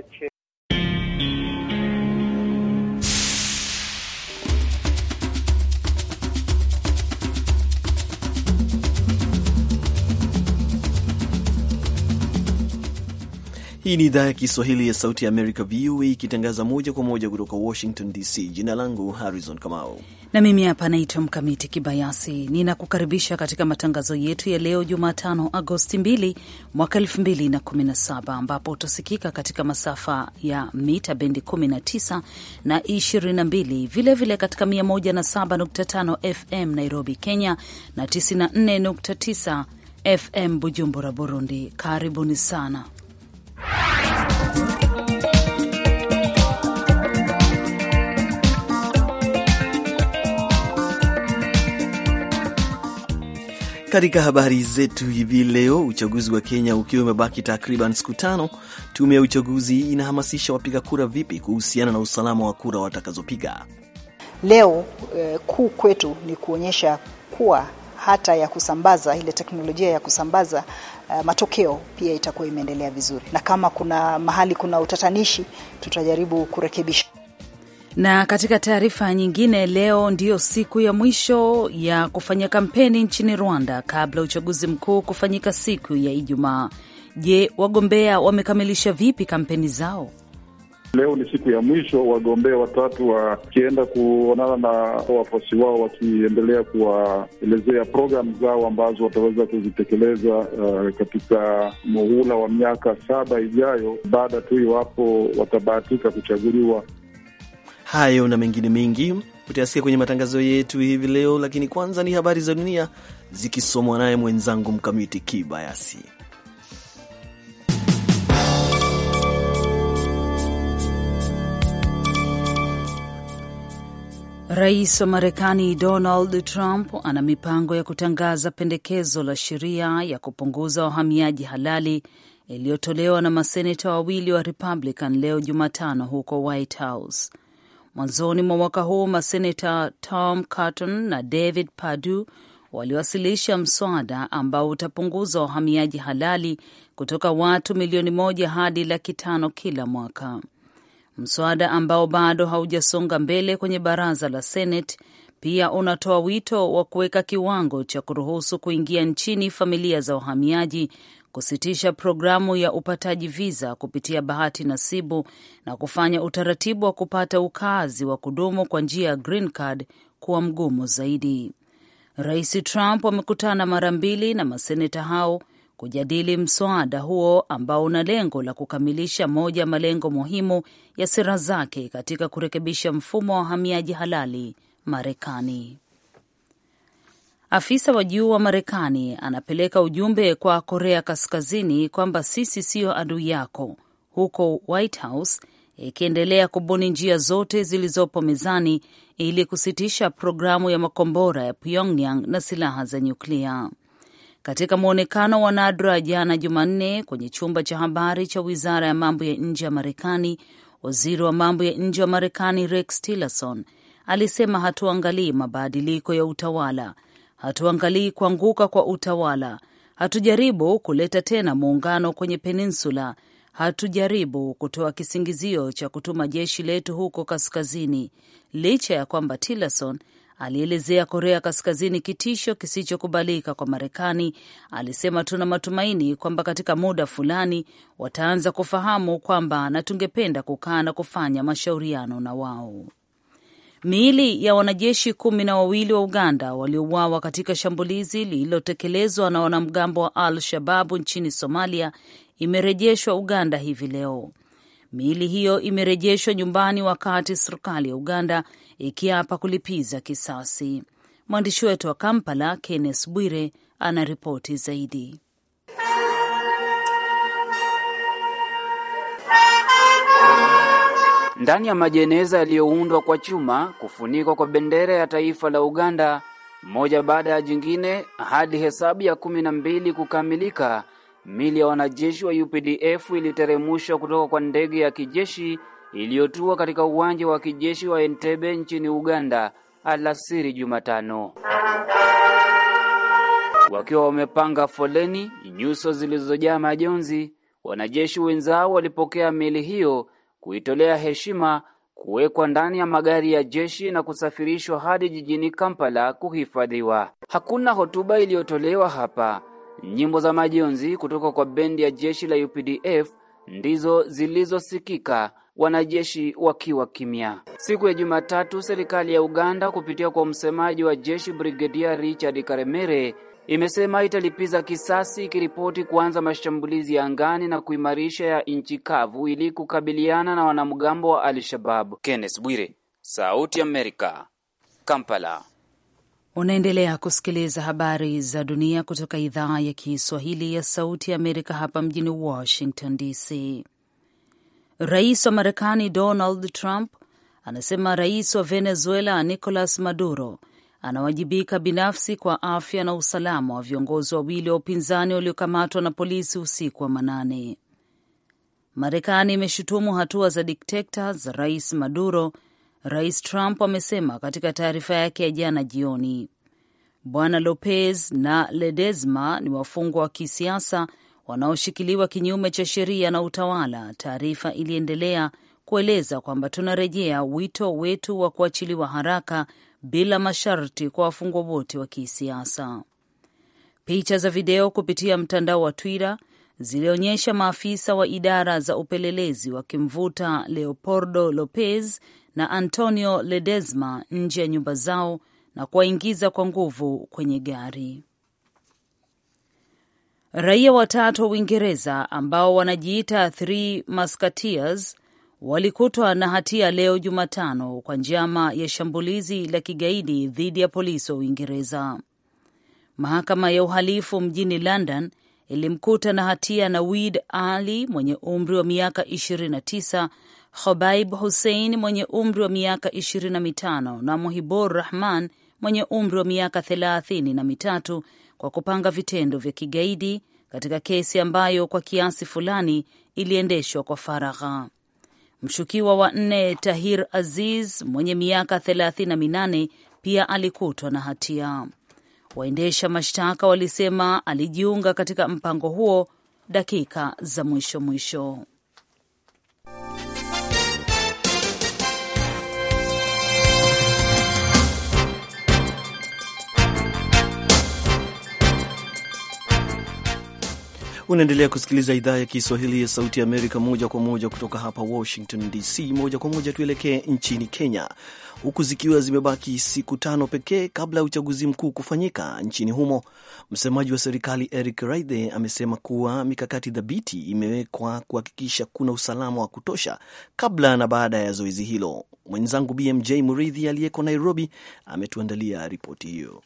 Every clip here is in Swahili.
अच्छे Hii ni idhaa ya Kiswahili ya Sauti ya Amerika, VOA, ikitangaza moja kwa moja kutoka Washington DC. Jina langu Harrison Kamau na mimi hapa naitwa Mkamiti Kibayasi. Ninakukaribisha katika matangazo yetu ya leo Jumatano, Agosti 2 mwaka 2017, ambapo utasikika katika masafa ya mita bendi 19 na 22, vilevile vile katika 107.5 FM Nairobi, Kenya na 94.9 FM Bujumbura, Burundi. Karibuni sana katika habari zetu hivi leo, uchaguzi wa Kenya ukiwa umebaki takriban siku tano, tume ya uchaguzi inahamasisha wapiga kura vipi kuhusiana na usalama wa kura watakazopiga leo. Eh, kuu kwetu ni kuonyesha kuwa hata ya kusambaza ile teknolojia ya kusambaza Eh, matokeo pia itakuwa imeendelea vizuri, na kama kuna mahali kuna utatanishi tutajaribu kurekebisha. Na katika taarifa nyingine, leo ndiyo siku ya mwisho ya kufanya kampeni nchini Rwanda kabla uchaguzi mkuu kufanyika siku ya Ijumaa. Je, wagombea wamekamilisha vipi kampeni zao? Leo ni siku ya mwisho, wagombea watatu wakienda kuonana na wafuasi wao, wakiendelea kuwaelezea programu zao ambazo wataweza kuzitekeleza uh, katika muhula wa miaka saba ijayo, baada tu iwapo watabahatika kuchaguliwa. Hayo na mengine mengi utayasikia kwenye matangazo yetu hivi leo, lakini kwanza ni habari za dunia zikisomwa naye mwenzangu Mkamiti Kibayasi. Rais wa Marekani Donald Trump ana mipango ya kutangaza pendekezo la sheria ya kupunguza wahamiaji halali iliyotolewa na maseneta wawili wa Republican leo Jumatano huko White House. Mwanzoni mwa mwaka huu maseneta Tom Cotton na David padu waliwasilisha mswada ambao utapunguza wahamiaji halali kutoka watu milioni moja hadi laki tano kila mwaka. Mswada ambao bado haujasonga mbele kwenye baraza la Seneti pia unatoa wito wa kuweka kiwango cha kuruhusu kuingia nchini familia za wahamiaji, kusitisha programu ya upataji viza kupitia bahati nasibu na kufanya utaratibu wa kupata ukaazi wa kudumu kwa njia ya green card kuwa mgumu zaidi. Rais Trump amekutana mara mbili na maseneta hao kujadili mswada huo ambao una lengo la kukamilisha moja ya malengo muhimu ya sera zake katika kurekebisha mfumo wa wahamiaji halali Marekani. Afisa wa juu wa Marekani anapeleka ujumbe kwa Korea Kaskazini kwamba sisi siyo adui yako, huko White House ikiendelea kubuni njia zote zilizopo mezani ili kusitisha programu ya makombora ya Pyongyang na silaha za nyuklia katika mwonekano wa nadra jana Jumanne kwenye chumba cha habari cha wizara ya mambo ya nje ya Marekani, waziri wa mambo ya nje wa Marekani Rex Tillerson alisema hatuangalii mabadiliko ya utawala, hatuangalii kuanguka kwa utawala, hatujaribu kuleta tena muungano kwenye peninsula, hatujaribu kutoa kisingizio cha kutuma jeshi letu huko kaskazini, licha ya kwamba Tillerson alielezea Korea Kaskazini kitisho kisichokubalika kwa Marekani. Alisema, tuna matumaini kwamba katika muda fulani wataanza kufahamu kwamba, na tungependa kukaa na kufanya mashauriano na wao. Miili ya wanajeshi kumi na wawili wa Uganda waliouawa katika shambulizi lililotekelezwa na wanamgambo wa Al Shababu nchini Somalia imerejeshwa Uganda hivi leo. Miili hiyo imerejeshwa nyumbani, wakati serikali ya Uganda ikiapa kulipiza kisasi. Mwandishi wetu wa Kampala, Kenneth Bwire, ana ripoti zaidi. Ndani ya majeneza yaliyoundwa kwa chuma kufunikwa kwa bendera ya taifa la Uganda, moja baada ya jingine, hadi hesabu ya kumi na mbili kukamilika mili ya wanajeshi wa UPDF iliteremshwa kutoka kwa ndege ya kijeshi iliyotua katika uwanja wa kijeshi wa Entebbe nchini Uganda alasiri Jumatano. Wakiwa wamepanga foleni, nyuso zilizojaa majonzi, wanajeshi wenzao walipokea mili hiyo, kuitolea heshima, kuwekwa ndani ya magari ya jeshi na kusafirishwa hadi jijini Kampala kuhifadhiwa. Hakuna hotuba iliyotolewa hapa. Nyimbo za majonzi kutoka kwa bendi ya jeshi la UPDF ndizo zilizosikika wanajeshi wakiwa kimya. Siku ya Jumatatu, serikali ya Uganda kupitia kwa msemaji wa jeshi Brigedia Richard Karemere imesema italipiza kisasi, ikiripoti kuanza mashambulizi ya angani na kuimarisha ya nchi kavu ili kukabiliana na wanamgambo wa Al-Shababu. Kenneth Bwire, Sauti ya Amerika, Kampala. Unaendelea kusikiliza habari za dunia kutoka idhaa ya Kiswahili ya Sauti ya Amerika hapa mjini Washington DC. Rais wa Marekani Donald Trump anasema rais wa Venezuela Nicolas Maduro anawajibika binafsi kwa afya na usalama wa viongozi wawili wa upinzani waliokamatwa na polisi usiku wa manane. Marekani imeshutumu hatua za dikteta za rais Maduro Rais Trump amesema katika taarifa yake ya jana jioni. Bwana Lopez na Ledesma ni wafungwa wa kisiasa wanaoshikiliwa kinyume cha sheria na utawala. Taarifa iliendelea kueleza kwamba tunarejea wito wetu wa kuachiliwa haraka bila masharti kwa wafungwa wote wa kisiasa. Picha za video kupitia mtandao wa Twitter zilionyesha maafisa wa idara za upelelezi wakimvuta Leopoldo Lopez na Antonio ledesma nje ya nyumba zao na kuwaingiza kwa nguvu kwenye gari. Raia watatu wa Uingereza ambao wanajiita Three Musketeers walikutwa na hatia leo Jumatano kwa njama ya shambulizi la kigaidi dhidi ya polisi wa Uingereza. Mahakama ya uhalifu mjini London ilimkuta na hatia Nawid Ali mwenye umri wa miaka 29, Khobaib Hussein mwenye umri wa miaka 25 na Muhibur Rahman mwenye umri wa miaka thelathini na mitatu kwa kupanga vitendo vya kigaidi katika kesi ambayo kwa kiasi fulani iliendeshwa kwa faragha. Mshukiwa wa nne Tahir Aziz mwenye miaka thelathini na minane pia alikutwa na hatia. Waendesha mashtaka walisema alijiunga katika mpango huo dakika za mwisho mwisho. Unaendelea kusikiliza idhaa ya Kiswahili ya Sauti ya Amerika moja kwa moja kutoka hapa Washington DC. Moja kwa moja tuelekee nchini Kenya, huku zikiwa zimebaki siku tano pekee kabla ya uchaguzi mkuu kufanyika nchini humo. Msemaji wa serikali Eric Raithe amesema kuwa mikakati thabiti imewekwa kuhakikisha kuna usalama wa kutosha kabla na baada ya zoezi hilo. Mwenzangu BMJ Muridhi aliyeko Nairobi ametuandalia ripoti hiyo.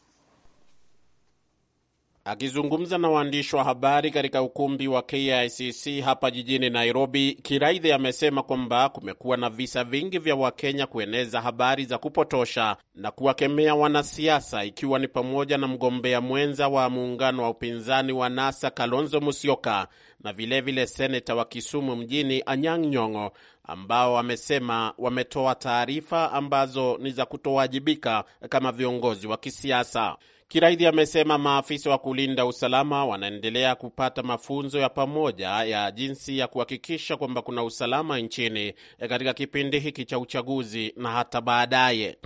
Akizungumza na waandishi wa habari katika ukumbi wa KICC hapa jijini Nairobi, kiraidhi amesema kwamba kumekuwa na visa vingi vya Wakenya kueneza habari za kupotosha na kuwakemea wanasiasa, ikiwa ni pamoja na mgombea mwenza wa muungano wa upinzani wa NASA Kalonzo Musyoka na vilevile seneta wa Kisumu mjini Anyang' Nyong'o, ambao wamesema wametoa taarifa ambazo ni za kutowajibika kama viongozi wa kisiasa. Kiraidhi amesema maafisa wa kulinda usalama wanaendelea kupata mafunzo ya pamoja ya jinsi ya kuhakikisha kwamba kuna usalama nchini eh, katika kipindi hiki cha uchaguzi na hata baadaye.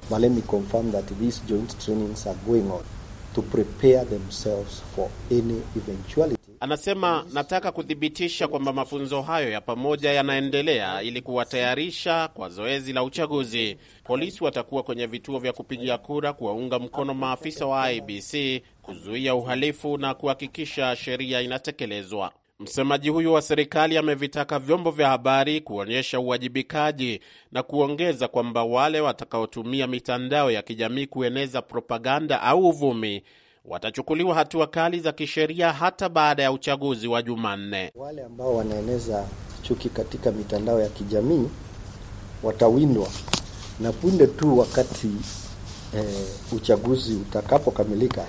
Anasema, nataka kuthibitisha kwamba mafunzo hayo ya pamoja yanaendelea ili kuwatayarisha kwa zoezi la uchaguzi polisi watakuwa kwenye vituo vya kupigia kura kuwaunga mkono maafisa wa IBC kuzuia uhalifu na kuhakikisha sheria inatekelezwa. Msemaji huyu wa serikali amevitaka vyombo vya habari kuonyesha uwajibikaji na kuongeza kwamba wale watakaotumia mitandao ya kijamii kueneza propaganda au uvumi watachukuliwa hatua kali za kisheria hata baada ya uchaguzi wa Jumanne. Wale ambao wanaeneza chuki katika mitandao ya kijamii watawindwa na punde tu wakati e, uchaguzi utakapokamilika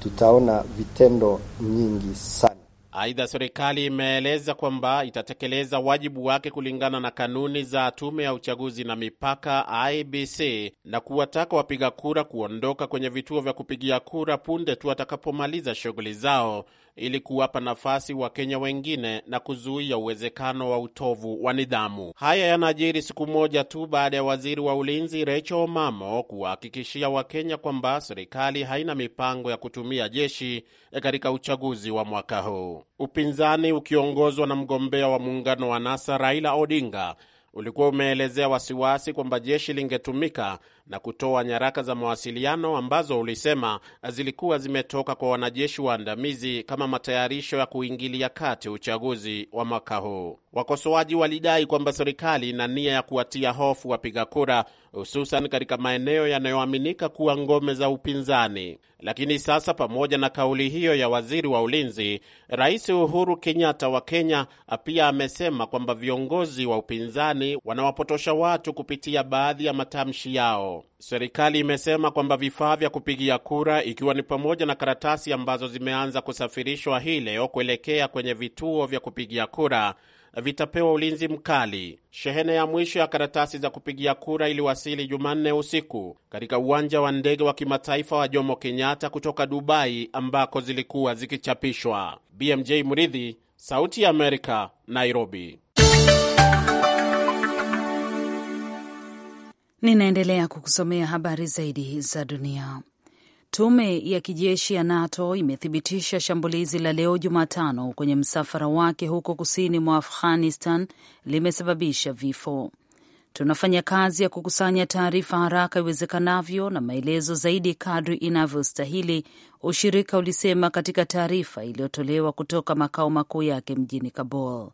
tutaona vitendo nyingi sana. Aidha, serikali imeeleza kwamba itatekeleza wajibu wake kulingana na kanuni za tume ya uchaguzi na mipaka IBC na kuwataka wapiga kura kuondoka kwenye vituo vya kupigia kura punde tu watakapomaliza shughuli zao ili kuwapa nafasi Wakenya wengine na kuzuia uwezekano wa utovu wa nidhamu. Haya yanajiri siku moja tu baada ya waziri wa ulinzi Rachel Omamo kuwahakikishia Wakenya kwamba serikali haina mipango ya kutumia jeshi eh, katika uchaguzi wa mwaka huu. Upinzani ukiongozwa na mgombea wa muungano wa NASA Raila Odinga ulikuwa umeelezea wasiwasi kwamba jeshi lingetumika na kutoa nyaraka za mawasiliano ambazo ulisema zilikuwa zimetoka kwa wanajeshi waandamizi kama matayarisho ya kuingilia kati uchaguzi wa mwaka huu. Wakosoaji walidai kwamba serikali ina nia ya kuwatia hofu wapiga kura, hususan katika maeneo yanayoaminika kuwa ngome za upinzani. Lakini sasa, pamoja na kauli hiyo ya waziri wa ulinzi, Rais Uhuru Kenyatta wa Kenya pia amesema kwamba viongozi wa upinzani wanawapotosha watu kupitia baadhi ya matamshi yao. Serikali imesema kwamba vifaa vya kupigia kura ikiwa ni pamoja na karatasi ambazo zimeanza kusafirishwa hii leo kuelekea kwenye vituo vya kupigia kura vitapewa ulinzi mkali. Shehena ya mwisho ya karatasi za kupigia kura iliwasili Jumanne usiku katika uwanja wa ndege wa kimataifa wa Jomo Kenyatta kutoka Dubai ambako zilikuwa zikichapishwa. BMJ Mridhi, Sauti ya Amerika, Nairobi. Ninaendelea kukusomea habari zaidi za dunia. Tume ya kijeshi ya NATO imethibitisha shambulizi la leo Jumatano kwenye msafara wake huko kusini mwa Afghanistan limesababisha vifo. Tunafanya kazi ya kukusanya taarifa haraka iwezekanavyo na maelezo zaidi kadri inavyostahili, ushirika ulisema katika taarifa iliyotolewa kutoka makao makuu yake mjini Kabul.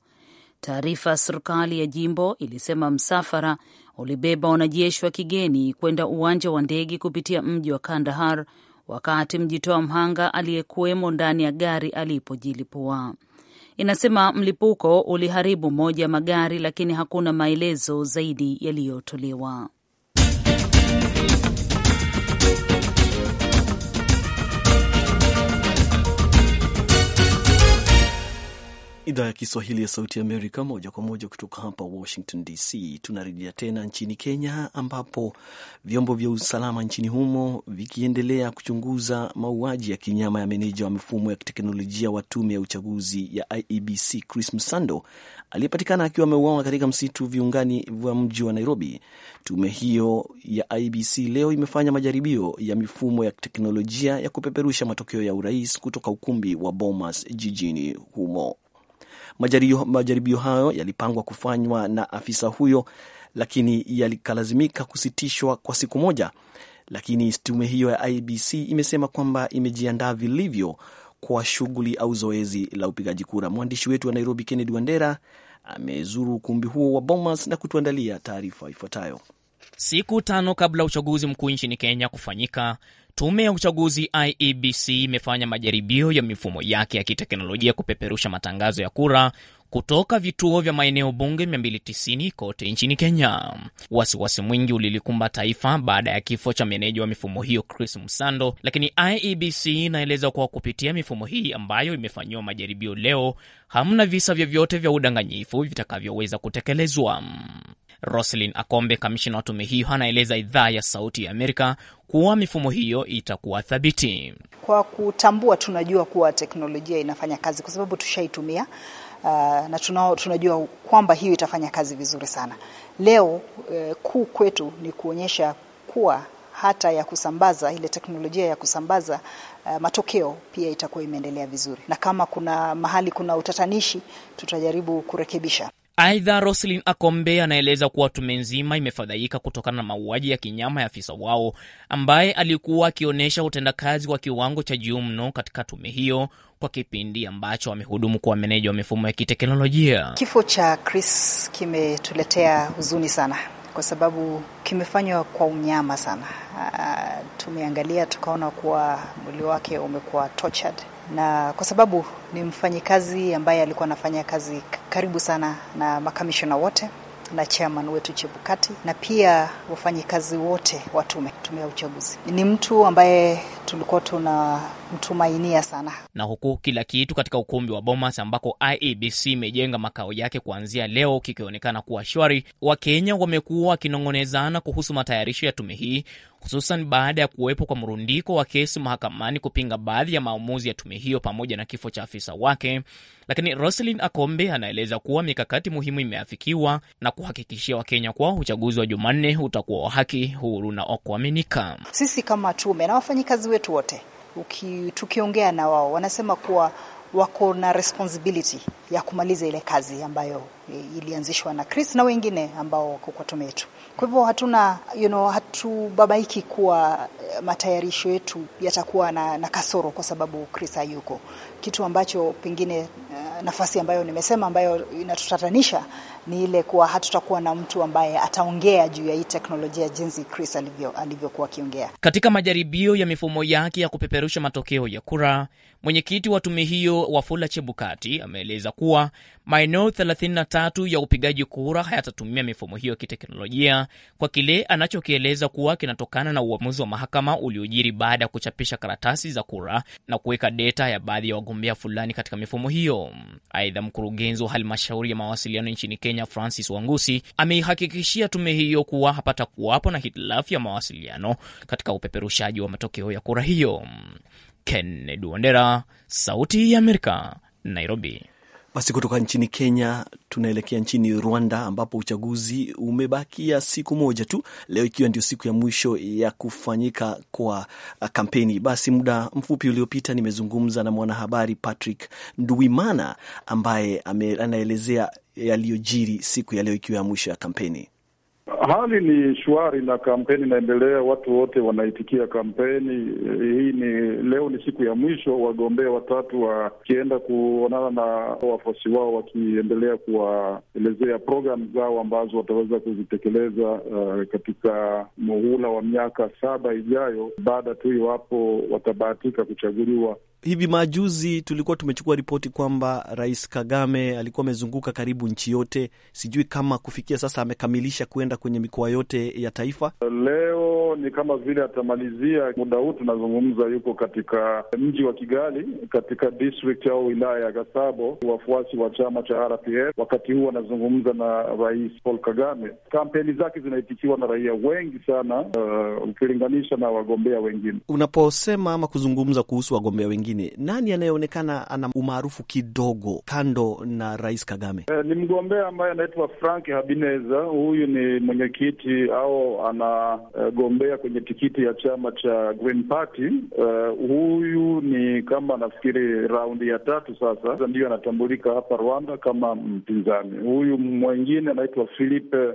Taarifa ya serikali ya jimbo ilisema msafara ulibeba wanajeshi wa kigeni kwenda uwanja wa ndege kupitia mji wa Kandahar wakati mjitoa mhanga aliyekuwemo ndani ya gari alipojilipua. Inasema mlipuko uliharibu moja ya magari, lakini hakuna maelezo zaidi yaliyotolewa. Idhaa ya Kiswahili ya Sauti Amerika, moja kwa moja kutoka hapa Washington DC. Tunarejea tena nchini Kenya, ambapo vyombo vya usalama nchini humo vikiendelea kuchunguza mauaji ya kinyama ya meneja wa mifumo ya teknolojia wa tume ya uchaguzi ya IEBC Chris Msando aliyepatikana akiwa ameuawa katika msitu viungani vya mji wa Nairobi. Tume hiyo ya IEBC leo imefanya majaribio ya mifumo ya teknolojia ya kupeperusha matokeo ya urais kutoka ukumbi wa Bomas jijini humo. Majaribio, majaribio hayo yalipangwa kufanywa na afisa huyo, lakini yalikalazimika kusitishwa kwa siku moja, lakini tume hiyo ya IBC imesema kwamba imejiandaa vilivyo kwa shughuli au zoezi la upigaji kura. Mwandishi wetu wa Nairobi, Kennedy Wandera, amezuru ukumbi huo wa Bomas na kutuandalia taarifa ifuatayo. Siku tano kabla uchaguzi mkuu nchini Kenya kufanyika, Tume ya uchaguzi IEBC imefanya majaribio ya mifumo yake ya kiteknolojia kupeperusha matangazo ya kura kutoka vituo vya maeneo bunge 290 kote nchini Kenya. Wasiwasi mwingi ulilikumba taifa baada ya kifo cha meneja wa mifumo hiyo Chris Msando, lakini IEBC inaeleza kuwa kupitia mifumo hii ambayo imefanyiwa majaribio leo, hamna visa vyovyote vya udanganyifu vitakavyoweza kutekelezwa. Roselyn Akombe, kamishina wa tume hiyo, anaeleza idhaa ya Sauti ya Amerika kuwa mifumo hiyo itakuwa thabiti kwa kutambua. Tunajua kuwa teknolojia inafanya kazi kwa sababu tushaitumia, uh, na tunao, tunajua kwamba hiyo itafanya kazi vizuri sana. Leo eh, kuu kwetu ni kuonyesha kuwa hata ya kusambaza ile teknolojia ya kusambaza uh, matokeo pia itakuwa imeendelea vizuri, na kama kuna mahali kuna utatanishi tutajaribu kurekebisha. Aidha, Roslin Akombe anaeleza kuwa tume nzima imefadhaika kutokana na mauaji ya kinyama ya afisa wao ambaye alikuwa akionyesha utendakazi wa kiwango cha juu mno katika tume hiyo kwa kipindi ambacho amehudumu kuwa meneja wa mifumo ya kiteknolojia. Kifo cha Chris kimetuletea huzuni sana kwa sababu kimefanywa kwa unyama sana. Uh, tumeangalia tukaona kuwa mwili wake umekuwa tortured na kwa sababu ni mfanyikazi ambaye alikuwa anafanya kazi karibu sana na makamishona wote na chairman wetu Chebukati na pia wafanyikazi wote wa tume tume ya uchaguzi. Ni mtu ambaye tulikuwa tunamtumainia sana. Na huku kila kitu katika ukumbi wa Bomas ambako IEBC imejenga makao yake kuanzia leo kikionekana kuwa shwari, Wakenya wamekuwa wakinong'onezana kuhusu matayarisho ya tume hii, hususan baada ya kuwepo kwa mrundiko wa kesi mahakamani kupinga baadhi ya maamuzi ya tume hiyo pamoja na kifo cha afisa wake. Lakini Roselyn Akombe anaeleza kuwa mikakati muhimu imeafikiwa na kuhakikishia Wakenya kuwa uchaguzi wa Jumanne utakuwa wa haki, huru na wa kuaminika. Sisi kama tume na wafanyikazi wetu wote uki, tukiongea na wao wanasema kuwa wako na responsibility ya kumaliza ile kazi ambayo e, ilianzishwa na Chris na wengine ambao wako kwa tume yetu. Kwa hivyo hatuna you know, hatubabaiki kuwa e, matayarisho yetu yatakuwa na, na kasoro kwa sababu Chris hayuko kitu ambacho pengine eh, nafasi ambayo nimesema ambayo inatutatanisha ni ile kuwa hatutakuwa na mtu ambaye ataongea juu ya hii teknolojia jinsi Chris alivyokuwa alivyo akiongea katika majaribio ya mifumo yake ya kupeperusha matokeo ya kura. Mwenyekiti wa tume hiyo Wafula Chebukati ameeleza kuwa maeneo 33 ya upigaji kura hayatatumia mifumo hiyo ya kiteknolojia kwa kile anachokieleza kuwa kinatokana na uamuzi wa mahakama uliojiri baada ya kuchapisha karatasi za kura na kuweka deta ya baadhi ya wagombea fulani katika mifumo hiyo. Aidha, mkurugenzi wa halmashauri ya mawasiliano nchini Kenya Francis Wangusi ameihakikishia tume hiyo kuwa hapata kuwapo na hitilafu ya mawasiliano katika upeperushaji wa matokeo ya kura hiyo. Kennedy Wandera, Sauti ya Amerika, Nairobi. Basi kutoka nchini Kenya tunaelekea nchini Rwanda ambapo uchaguzi umebakia siku moja tu, leo ikiwa ndio siku ya mwisho ya kufanyika kwa kampeni. Basi muda mfupi uliopita nimezungumza na mwanahabari Patrick Nduwimana ambaye anaelezea yaliyojiri siku ya leo ikiwa ya mwisho ya kampeni. Hali ni shwari na kampeni inaendelea, watu wote wanaitikia kampeni hii. Ni leo ni siku ya mwisho, wagombea watatu wakienda kuonana na wafuasi wao, wakiendelea kuwaelezea programu zao ambazo wataweza kuzitekeleza uh, katika muhula wa miaka saba ijayo, baada tu iwapo watabahatika kuchaguliwa hivi majuzi tulikuwa tumechukua ripoti kwamba Rais Kagame alikuwa amezunguka karibu nchi yote, sijui kama kufikia sasa amekamilisha kuenda kwenye mikoa yote ya taifa leo ni kama vile atamalizia muda huu tunazungumza, yuko katika mji wa Kigali katika district au wilaya ya Gasabo, wafuasi wa chama cha RPF. Wakati huu anazungumza na Rais Paul Kagame. Kampeni zake zinaitikiwa na raia wengi sana, uh, ukilinganisha na wagombea wengine. Unaposema ama kuzungumza kuhusu wagombea wengine, nani anayeonekana ana umaarufu kidogo kando na Rais Kagame? Eh, ni mgombea ambaye anaitwa Frank Habineza. Huyu ni mwenyekiti au anagombea kugombea kwenye tikiti ya chama cha Green Party. Uh, huyu ni kama nafikiri raundi ya tatu sasa ndiyo anatambulika hapa Rwanda kama mpinzani. Huyu mwengine anaitwa Philippe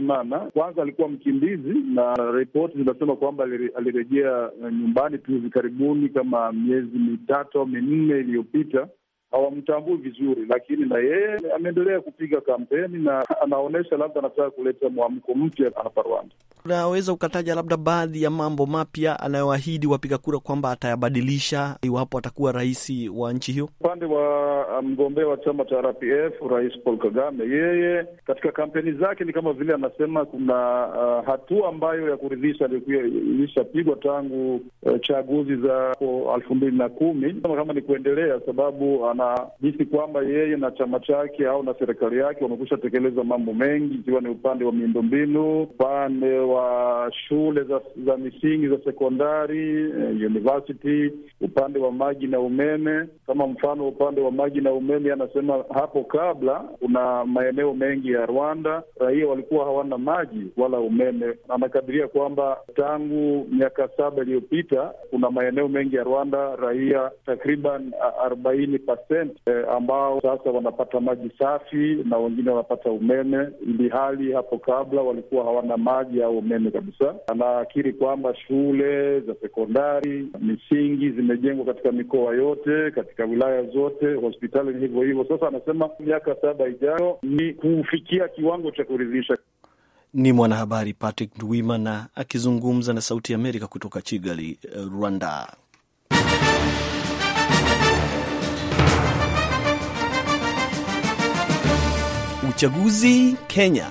mana kwanza alikuwa mkimbizi na ripoti zinasema kwamba alirejea nyumbani tu hivi karibuni kama miezi mitatu au minne iliyopita hawamtambui vizuri, lakini na yeye ameendelea kupiga kampeni na anaonyesha labda anataka kuleta mwamko mpya hapa Rwanda. Unaweza ukataja labda baadhi ya mambo mapya anayoahidi wapiga kura kwamba atayabadilisha iwapo atakuwa rais wa nchi hiyo? Upande wa uh, mgombea wa chama cha RPF, Rais Paul Kagame, yeye katika kampeni zake ni kama vile anasema kuna uh, hatua ambayo ya kuridhisha ilishapigwa tangu uh, chaguzi za uh, elfu mbili na kumi kama ni kuendelea sababu ana jisi kwamba yeye na chama chake au na serikali yake wamekusha tekeleza mambo mengi, ikiwa ni upande wa miundombinu, upande wa shule za, za misingi za sekondari, eh, university, upande wa maji na umeme. Kama mfano upande wa maji na umeme, anasema hapo kabla kuna maeneo mengi ya Rwanda raia walikuwa hawana maji wala umeme. Anakadiria kwamba tangu miaka saba iliyopita kuna maeneo mengi ya Rwanda raia takriban arobaini eh, ambao sasa wanapata maji safi na wengine wanapata umeme, ili hali hapo kabla walikuwa hawana maji au umeme kabisa. anaakiri kwamba shule za sekondari, misingi zimejengwa katika mikoa yote, katika wilaya zote, hospitali ni hivyo hivyo. Sasa anasema miaka saba ijayo ni kufikia kiwango cha kuridhisha. Ni mwanahabari Patrick Ndwimana akizungumza na Sauti ya Amerika kutoka Kigali, Rwanda. uchaguzi Kenya.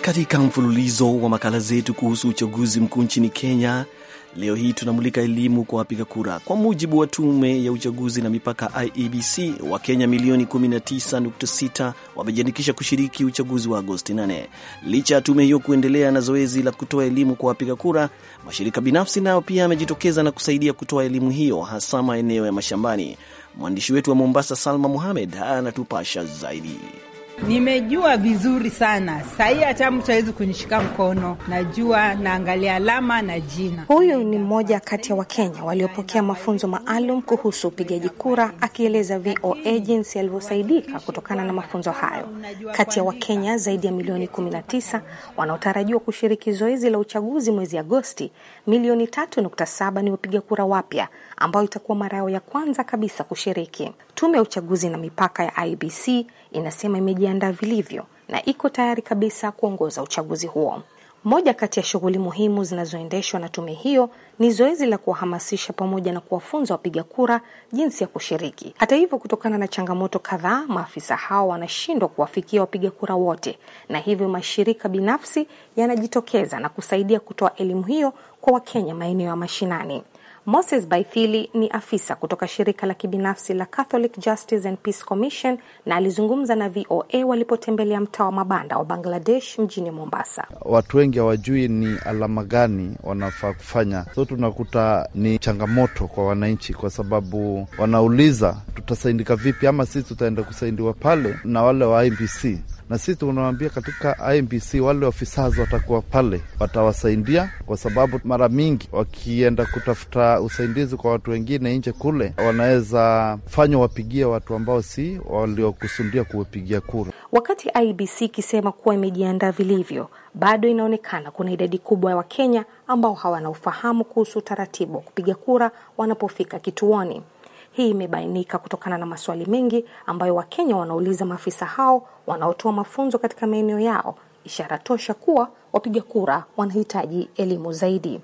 Katika mfululizo wa makala zetu kuhusu uchaguzi mkuu nchini Kenya, leo hii tunamulika elimu kwa wapiga kura. Kwa mujibu wa tume ya uchaguzi na mipaka IEBC, kenya milioni 19.6 wamejiandikisha kushiriki uchaguzi wa Agosti 8. Licha ya tume hiyo kuendelea na zoezi la kutoa elimu kwa wapiga kura, mashirika binafsi nayo pia yamejitokeza na kusaidia kutoa elimu hiyo, hasa maeneo ya mashambani. Mwandishi wetu wa Mombasa, Salma Muhamed, anatupasha zaidi. Nimejua vizuri sana sahii, hata mtu awezi kunishika mkono. Najua naangalia alama na jina. Huyu ni mmoja kati ya Wakenya waliopokea mafunzo maalum kuhusu upigaji kura, akieleza VOA jinsi alivyosaidika kutokana na mafunzo hayo. Kati ya Wakenya zaidi ya milioni 19 wanaotarajiwa kushiriki zoezi la uchaguzi mwezi Agosti, milioni 3.7 ni wapiga kura wapya, ambayo itakuwa mara yao ya kwanza kabisa kushiriki. Tume ya uchaguzi na mipaka ya IBC inasema imejiandaa vilivyo na iko tayari kabisa kuongoza uchaguzi huo. Moja kati ya shughuli muhimu zinazoendeshwa na tume hiyo ni zoezi la kuwahamasisha pamoja na kuwafunza wapiga kura jinsi ya kushiriki. Hata hivyo, kutokana na changamoto kadhaa, maafisa hao wanashindwa kuwafikia wapiga kura wote, na hivyo mashirika binafsi yanajitokeza na kusaidia kutoa elimu hiyo kwa Wakenya maeneo ya mashinani. Moses Baithili ni afisa kutoka shirika la kibinafsi la Catholic Justice and Peace Commission na alizungumza na VOA walipotembelea mtaa wa mabanda wa Bangladesh mjini Mombasa. Watu wengi hawajui ni alama gani wanafaa kufanya, so tunakuta ni changamoto kwa wananchi, kwa sababu wanauliza tutasaindika vipi, ama sisi tutaenda kusaidiwa pale na wale wa IBC na sisi tunawaambia katika IMBC wale ofisazi watakuwa pale, watawasaidia kwa sababu mara mingi wakienda kutafuta usaidizi kwa watu wengine nje kule, wanaweza fanywa wapigie watu ambao si waliokusudia kuwapigia kura. Wakati IBC ikisema kuwa imejiandaa vilivyo, bado inaonekana kuna idadi kubwa ya Wakenya ambao hawana ufahamu kuhusu utaratibu wa kupiga kura wanapofika kituoni. Hii imebainika kutokana na maswali mengi ambayo Wakenya wanauliza maafisa hao wanaotoa mafunzo katika maeneo yao, ishara tosha kuwa wapiga kura wanahitaji elimu zaidi.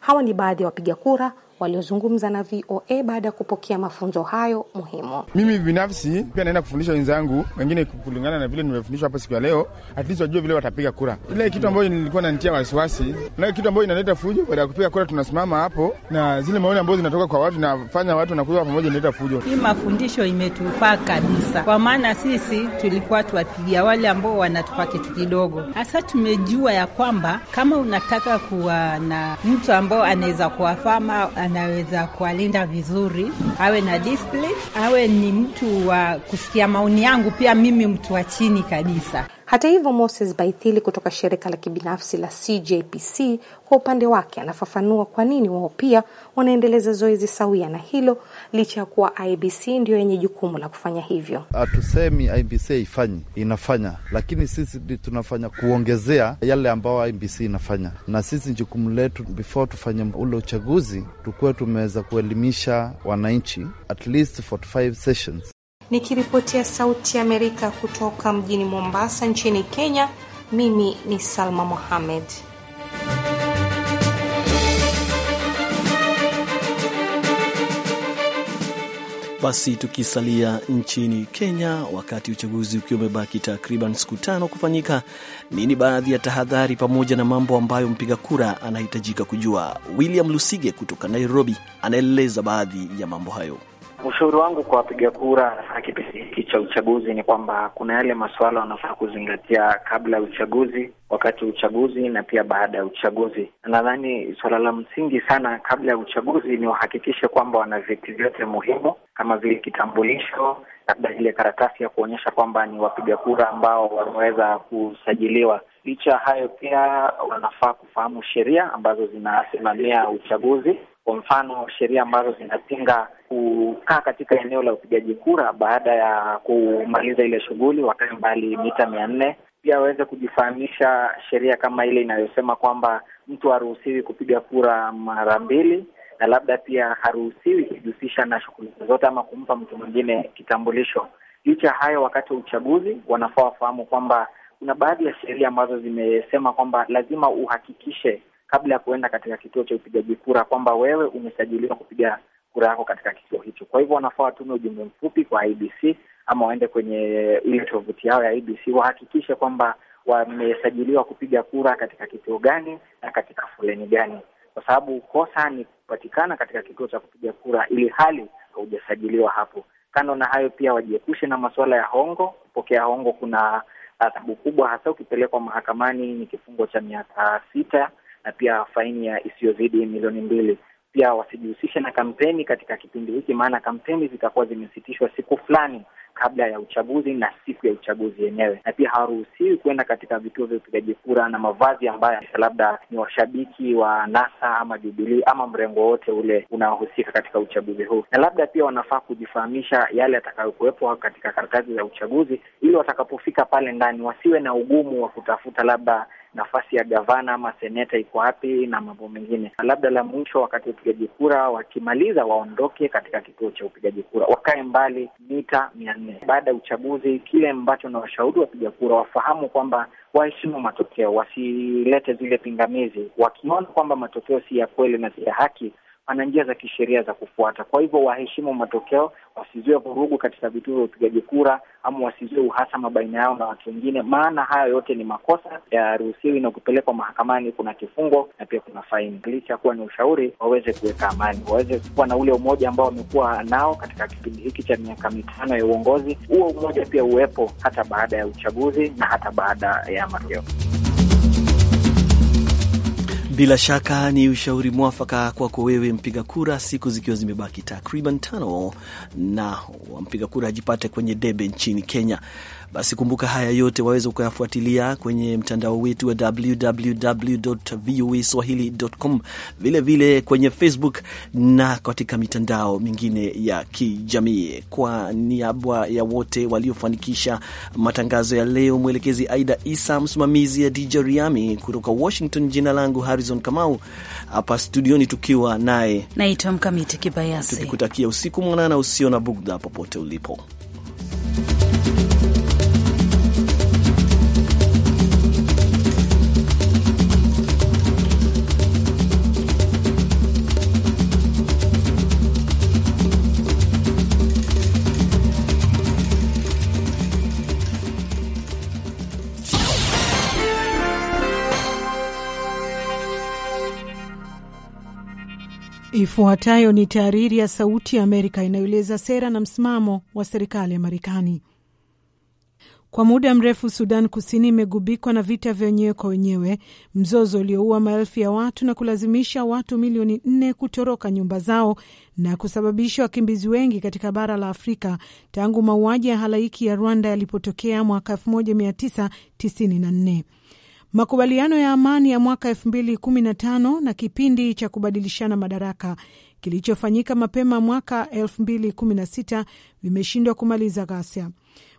Hawa ni baadhi ya wapiga kura waliozungumza na VOA baada ya kupokea mafunzo hayo muhimu. Mimi binafsi pia naenda kufundisha wenzangu wengine kulingana na vile nimefundishwa hapa siku ya leo, at least wajue vile watapiga kura. Ile kitu ambayo nilikuwa nanitia wasiwasi na kitu ambayo inaleta fujo baada ya kupiga kura, tunasimama hapo na zile maoni ambayo zinatoka kwa watu nafanya watu nakuja pamoja, inaleta fujo. Hii mafundisho imetufaa kabisa, kwa maana sisi tulikuwa tuwapigia wale ambao wanatupa kitu kidogo. Hasa tumejua ya kwamba kama unataka kuwa na mtu ambao anaweza kuwafama anaweza kuwalinda vizuri, awe na discipline, awe ni mtu wa kusikia maoni yangu, pia mimi mtu wa chini kabisa hata hivyo, Moses Baithili kutoka shirika la kibinafsi la CJPC kwa upande wake anafafanua kwa nini wao pia wanaendeleza zoezi sawia na hilo, licha ya kuwa IBC ndio yenye jukumu la kufanya hivyo. Hatusemi IBC haifanyi, inafanya, lakini sisi tunafanya kuongezea yale ambayo IBC inafanya, na sisi jukumu letu before tufanye ule uchaguzi tukuwe tumeweza kuelimisha wananchi at least 45 sessions Nikiripotia Sauti ya Amerika kutoka mjini Mombasa nchini Kenya, mimi ni Salma Mohamed. Basi tukisalia nchini Kenya, wakati uchaguzi ukiwa umebaki takriban siku tano kufanyika, nini baadhi ya tahadhari pamoja na mambo ambayo mpiga kura anahitajika kujua? William Lusige kutoka Nairobi anaeleza baadhi ya mambo hayo. Ushauri wangu kwa wapiga kura hasa kipindi hiki cha uchaguzi ni kwamba kuna yale masuala wanafaa kuzingatia kabla ya uchaguzi, wakati wa uchaguzi na pia baada ya uchaguzi. Nadhani suala la msingi sana kabla ya uchaguzi ni wahakikishe kwamba wana vyeti vyote muhimu kama vile kitambulisho, labda ile karatasi ya kuonyesha kwamba ni wapiga kura ambao wameweza kusajiliwa. Licha ya hayo, pia wanafaa kufahamu sheria ambazo zinasimamia uchaguzi, kwa mfano sheria ambazo zinapinga kukaa katika eneo la upigaji kura baada ya kumaliza ile shughuli, wakae mbali mita mia nne pia waweze kujifahamisha sheria kama ile inayosema kwamba mtu haruhusiwi kupiga kura mara mbili, na labda pia haruhusiwi kujihusisha na shughuli zozote ama kumpa mtu mwingine kitambulisho. Licha ya hayo, wakati wa uchaguzi wanafaa wafahamu kwamba kuna baadhi ya sheria ambazo zimesema kwamba lazima uhakikishe kabla ya kuenda katika kituo cha upigaji kura kwamba wewe umesajiliwa kupiga kura yako katika kituo hicho. Kwa hivyo wanafaa watume ujumbe mfupi kwa IBC ama waende kwenye ile tovuti yao ya IBC wahakikishe kwamba wamesajiliwa kupiga kura katika kituo gani na katika foleni gani, kwa sababu kosa ni kupatikana katika kituo cha kupiga kura ili hali haujasajiliwa hapo. Kando na hayo, pia wajiepushe na masuala ya hongo. Kupokea hongo kuna adhabu kubwa, hasa ukipelekwa mahakamani ni kifungo cha miaka sita na pia faini ya isiyozidi milioni mbili pia wasijihusishe na kampeni katika kipindi hiki, maana kampeni zitakuwa zimesitishwa siku fulani kabla ya uchaguzi na siku ya uchaguzi yenyewe, na pia hawaruhusiwi kuenda katika vituo vya upigaji kura na mavazi ambayo labda ni washabiki wa NASA ama jubilii ama mrengo wote ule unaohusika katika uchaguzi huu, na labda pia wanafaa kujifahamisha yale yatakayokuwepo katika karatasi za uchaguzi, ili watakapofika pale ndani wasiwe na ugumu wa kutafuta labda nafasi ya gavana ama seneta iko wapi na mambo mengine. Labda la mwisho, wakati wa upigaji kura wakimaliza, waondoke katika kituo cha upigaji kura, wakae mbali mita mia nne. Baada ya uchaguzi, kile ambacho na washauri wapiga kura wafahamu kwamba waheshimu matokeo, wasilete zile pingamizi. Wakiona kwamba matokeo si ya kweli na si ya haki, pana njia za kisheria za kufuata. Kwa hivyo waheshimu matokeo, wasizue vurugu katika vituo vya upigaji kura, ama wasizue uhasama baina yao na watu wengine, maana haya yote ni makosa yaruhusiwi, na kupelekwa mahakamani kuna kifungo na pia kuna faini. Licha ya kuwa ni ushauri, waweze kuweka amani, waweze kuwa na ule umoja ambao wamekuwa nao katika kipindi hiki cha miaka mitano ya uongozi. Huo umoja pia uwepo hata baada ya uchaguzi na hata baada ya matokeo. Bila shaka ni ushauri mwafaka kwako wewe mpiga kura, siku zikiwa zimebaki takriban tano na mpiga kura ajipate kwenye debe nchini Kenya. Basi kumbuka haya yote waweza ukayafuatilia kwenye mtandao wetu wa swahilicom vilevile kwenye Facebook na katika mitandao mingine ya kijamii. Kwa niaba ya wote waliofanikisha matangazo ya leo, mwelekezi Aida Isa, msimamizi ya DJ Riami kutoka Washington, jina langu Harrison Kamau, hapa studioni tukiwa naye naitwa Mkamiti Kibayasi, tukikutakia usiku mwanana usio na bugdha popote ulipo. Ifuatayo ni tahariri ya Sauti ya Amerika inayoeleza sera na msimamo wa serikali ya Marekani. Kwa muda mrefu Sudan Kusini imegubikwa na vita vya wenyewe kwa wenyewe, mzozo ulioua maelfu ya watu na kulazimisha watu milioni nne kutoroka nyumba zao na kusababisha wakimbizi wengi katika bara la Afrika tangu mauaji ya halaiki ya Rwanda yalipotokea mwaka 1994. Makubaliano ya amani ya mwaka 2015 na kipindi cha kubadilishana madaraka kilichofanyika mapema mwaka 2016 vimeshindwa kumaliza ghasia.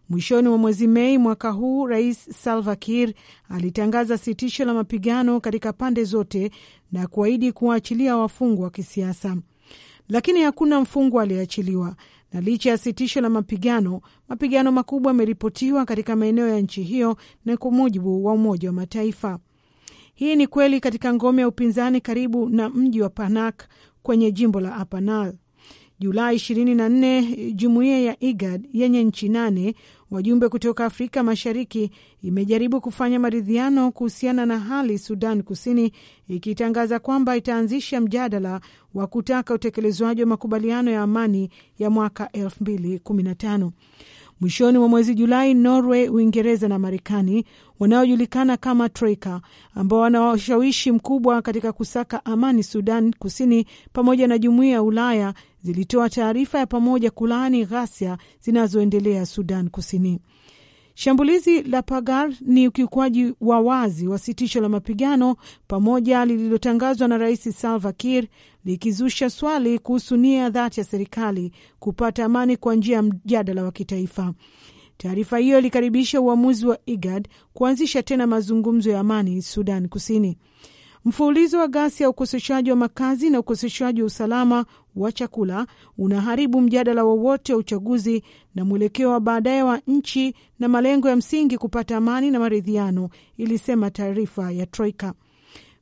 Mwishoni mwa mwezi Mei mwaka huu, Rais Salva Kiir alitangaza sitisho la mapigano katika pande zote na kuahidi kuwaachilia wafungwa wa kisiasa, lakini hakuna mfungwa aliyeachiliwa na licha ya sitisho la mapigano, mapigano makubwa yameripotiwa katika maeneo ya nchi hiyo, na kwa mujibu wa Umoja wa Mataifa, hii ni kweli katika ngome ya upinzani karibu na mji wa Panak kwenye jimbo la Apanal. Julai 24, jumuiya ya IGAD yenye nchi nane wajumbe kutoka Afrika Mashariki imejaribu kufanya maridhiano kuhusiana na hali Sudan Kusini, ikitangaza kwamba itaanzisha mjadala wa kutaka utekelezwaji wa makubaliano ya amani ya mwaka 2015. Mwishoni mwa mwezi Julai, Norway, Uingereza na Marekani wanaojulikana kama Troika, ambao wana ushawishi mkubwa katika kusaka amani Sudan Kusini, pamoja na jumuiya ya Ulaya zilitoa taarifa ya pamoja kulaani ghasia zinazoendelea Sudan Kusini. Shambulizi la Pagar ni ukiukwaji wa wazi wa sitisho la mapigano pamoja lililotangazwa na Rais Salva Kiir, likizusha swali kuhusu nia ya dhati ya serikali kupata amani kwa njia ya mjadala wa kitaifa. Taarifa hiyo ilikaribisha uamuzi wa IGAD kuanzisha tena mazungumzo ya amani Sudan Kusini. Mfululizo wa ghasia ya ukoseshaji wa makazi na ukoseshaji wa usalama wa chakula unaharibu mjadala wowote wa uchaguzi na mwelekeo wa baadaye wa nchi na malengo ya msingi kupata amani na maridhiano, ilisema taarifa ya Troika.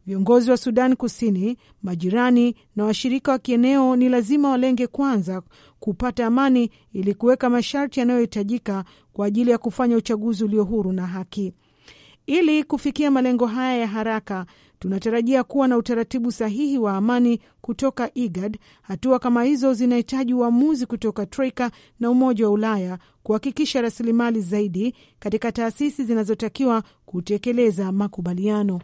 Viongozi wa Sudan Kusini, majirani na washirika wa kieneo ni lazima walenge kwanza kupata amani ili kuweka masharti yanayohitajika kwa ajili ya kufanya uchaguzi ulio huru na haki. Ili kufikia malengo haya ya haraka, Tunatarajia kuwa na utaratibu sahihi wa amani kutoka IGAD. Hatua kama hizo zinahitaji uamuzi kutoka Troika na Umoja wa Ulaya kuhakikisha rasilimali zaidi katika taasisi zinazotakiwa kutekeleza makubaliano